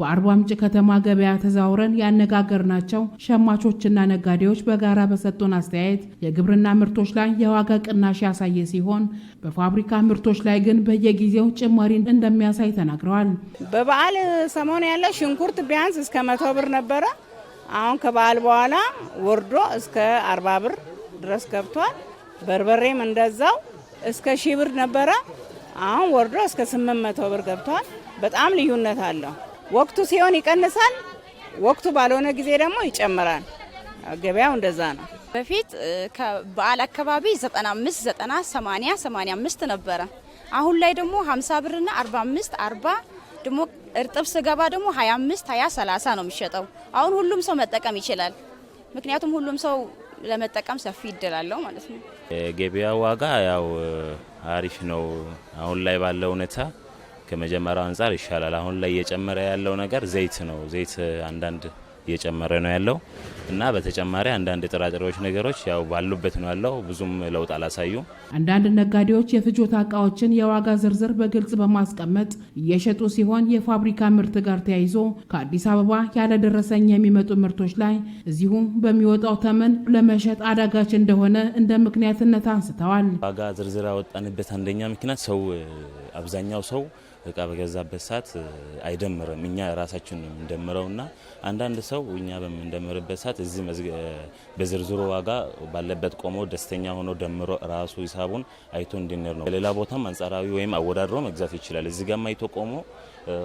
በአርባ ምንጭ ከተማ ገበያ ተዛውረን ያነጋገርናቸው ሸማቾችና ነጋዴዎች በጋራ በሰጡን አስተያየት የግብርና ምርቶች ላይ የዋጋ ቅናሽ ያሳየ ሲሆን በፋብሪካ ምርቶች ላይ ግን በየጊዜው ጭማሪ እንደሚያሳይ ተናግረዋል። በበዓል ሰሞን ያለ ሽንኩርት ቢያንስ እስከ መቶ ብር ነበረ። አሁን ከበዓል በኋላ ወርዶ እስከ አርባ ብር ድረስ ገብቷል። በርበሬም እንደዛው እስከ ሺህ ብር ነበረ። አሁን ወርዶ እስከ ስምንት መቶ ብር ገብቷል። በጣም ልዩነት አለው። ወቅቱ ሲሆን ይቀንሳል፣ ወቅቱ ባልሆነ ጊዜ ደግሞ ይጨምራል። ገበያው እንደዛ ነው። በፊት በዓል አካባቢ 95 90 80 85 ነበረ። አሁን ላይ ደግሞ 50 ብርና 45 40 ደግሞ እርጥብ ስገባ ደግሞ 25 20 30 ነው የሚሸጠው። አሁን ሁሉም ሰው መጠቀም ይችላል። ምክንያቱም ሁሉም ሰው ለመጠቀም ሰፊ ይደላለው ማለት ነው። የገበያ ዋጋ ያው አሪፍ ነው አሁን ላይ ባለው ሁኔታ ከመጀመሪያው አንጻር ይሻላል። አሁን ላይ እየጨመረ ያለው ነገር ዘይት ነው። ዘይት አንዳንድ እየጨመረ ነው ያለው እና በተጨማሪ አንዳንድ የጥራጥሬዎች ነገሮች ያው ባሉበት ነው ያለው። ብዙም ለውጥ አላሳዩም። አንዳንድ ነጋዴዎች የፍጆታ እቃዎችን የዋጋ ዝርዝር በግልጽ በማስቀመጥ እየሸጡ ሲሆን የፋብሪካ ምርት ጋር ተያይዞ ከአዲስ አበባ ያለደረሰኝ የሚመጡ ምርቶች ላይ እዚሁም በሚወጣው ተመን ለመሸጥ አዳጋች እንደሆነ እንደ ምክንያትነት አንስተዋል። ዋጋ ዝርዝር ያወጣንበት አንደኛ ምክንያት ሰው አብዛኛው ሰው እቃ በገዛበት ሰዓት አይደምርም። እኛ ራሳችን ነው የምንደምረውና አንዳንድ ሰው እኛ በምንደምርበት ሰዓት እዚህ በዝርዝሩ ዋጋ ባለበት ቆሞ ደስተኛ ሆኖ ደምሮ ራሱ ሂሳቡን አይቶ እንዲንር ነው። ሌላ ቦታም አንጻራዊ ወይም አወዳድሮ መግዛት ይችላል። እዚህ ጋም አይቶ ቆሞ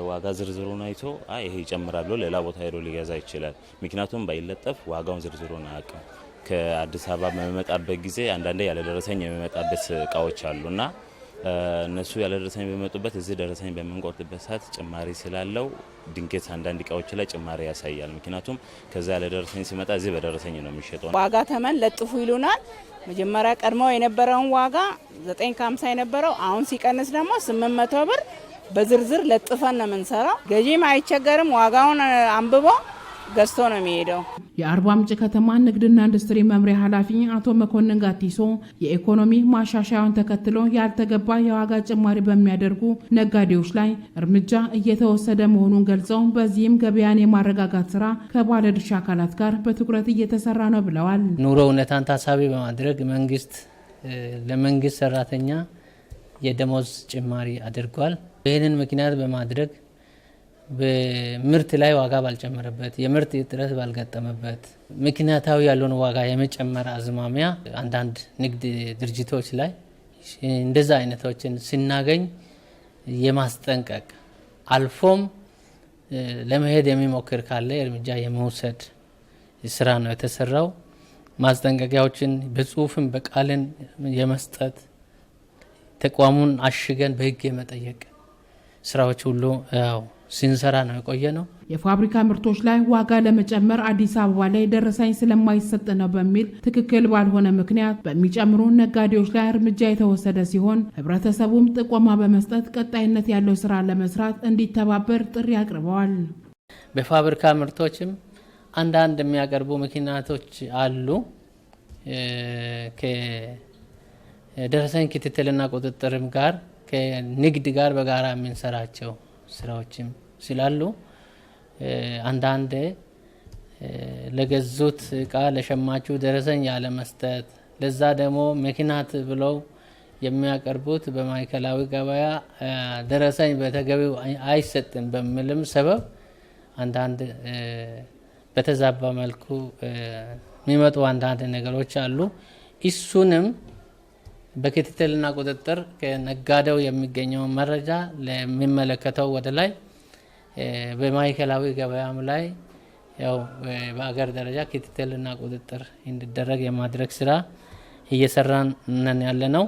ዋጋ ዝርዝሩን አይቶ ይሄ ይጨምራል ብሎ ሌላ ቦታ ሄዶ ሊገዛ ይችላል። ምክንያቱም ባይለጠፍ ዋጋውን ዝርዝሩን አያውቅም። ከአዲስ አበባ በመመጣበት ጊዜ አንዳንዴ ያለደረሰኝ የሚመጣበት እቃዎች አሉና እነሱ ያለ ደረሰኝ በመጡበት እዚህ ደረሰኝ በምንቆርጥበት ሰዓት ጭማሪ ስላለው ድንገት አንዳንድ እቃዎች ላይ ጭማሪ ያሳያል። ምክንያቱም ከዛ ያለ ደረሰኝ ሲመጣ እዚህ በደረሰኝ ነው የሚሸጠው። ዋጋ ተመን ለጥፉ ይሉናል። መጀመሪያ ቀድሞ የነበረውን ዋጋ 950 የነበረው አሁን ሲቀንስ ደግሞ መቶ ብር በዝርዝር ለጥፈን ነው የምንሰራው። ገዢም አይቸገርም ዋጋውን አንብቦ ገዝቶ ነው የሚሄደው። የአርባ ምንጭ ከተማ ንግድና ኢንዱስትሪ መምሪያ ኃላፊ አቶ መኮንን ጋቲሶ የኢኮኖሚ ማሻሻያውን ተከትሎ ያልተገባ የዋጋ ጭማሪ በሚያደርጉ ነጋዴዎች ላይ እርምጃ እየተወሰደ መሆኑን ገልጸው በዚህም ገበያን የማረጋጋት ስራ ከባለድርሻ አካላት ጋር በትኩረት እየተሰራ ነው ብለዋል። ኑሮ እውነታን ታሳቢ በማድረግ መንግስት ለመንግስት ሰራተኛ የደሞዝ ጭማሪ አድርጓል። ይህንን ምክንያት በማድረግ በምርት ላይ ዋጋ ባልጨመረበት፣ የምርት እጥረት ባልገጠመበት፣ ምክንያታዊ ያልሆነ ዋጋ የመጨመር አዝማሚያ አንዳንድ ንግድ ድርጅቶች ላይ እንደዛ አይነቶችን ስናገኝ የማስጠንቀቅ አልፎም ለመሄድ የሚሞክር ካለ እርምጃ የመውሰድ ስራ ነው የተሰራው። ማስጠንቀቂያዎችን በጽሁፍም በቃልን የመስጠት ተቋሙን አሽገን በህግ የመጠየቅ ስራዎች ሁሉ ያው ሲንሰራ ነው የቆየ ነው። የፋብሪካ ምርቶች ላይ ዋጋ ለመጨመር አዲስ አበባ ላይ ደረሰኝ ስለማይሰጥ ነው በሚል ትክክል ባልሆነ ምክንያት በሚጨምሩ ነጋዴዎች ላይ እርምጃ የተወሰደ ሲሆን ህብረተሰቡም ጥቆማ በመስጠት ቀጣይነት ያለው ስራ ለመስራት እንዲተባበር ጥሪ አቅርበዋል። በፋብሪካ ምርቶችም አንዳንድ የሚያቀርቡ ምክንያቶች አሉ። ከደረሰኝ ክትትልና ቁጥጥርም ጋር ከንግድ ጋር በጋራ የምንሰራቸው ስራዎችም ስላሉ አንዳንድ ለገዙት እቃ ለሸማቹ ደረሰኝ ያለ መስጠት ለዛ ደግሞ መኪናት ብለው የሚያቀርቡት በማዕከላዊ ገበያ ደረሰኝ በተገቢው አይሰጥም በሚልም ሰበብ አንዳንድ በተዛባ መልኩ የሚመጡ አንዳንድ ነገሮች አሉ። እሱንም በክትትልና ቁጥጥር ከነጋዴው የሚገኘውን መረጃ ለሚመለከተው ወደ ላይ በማዕከላዊ ገበያም ላይ ያው በአገር ደረጃ ክትትልና ቁጥጥር እንዲደረግ የማድረግ ስራ እየሰራን ነን ያለ ነው።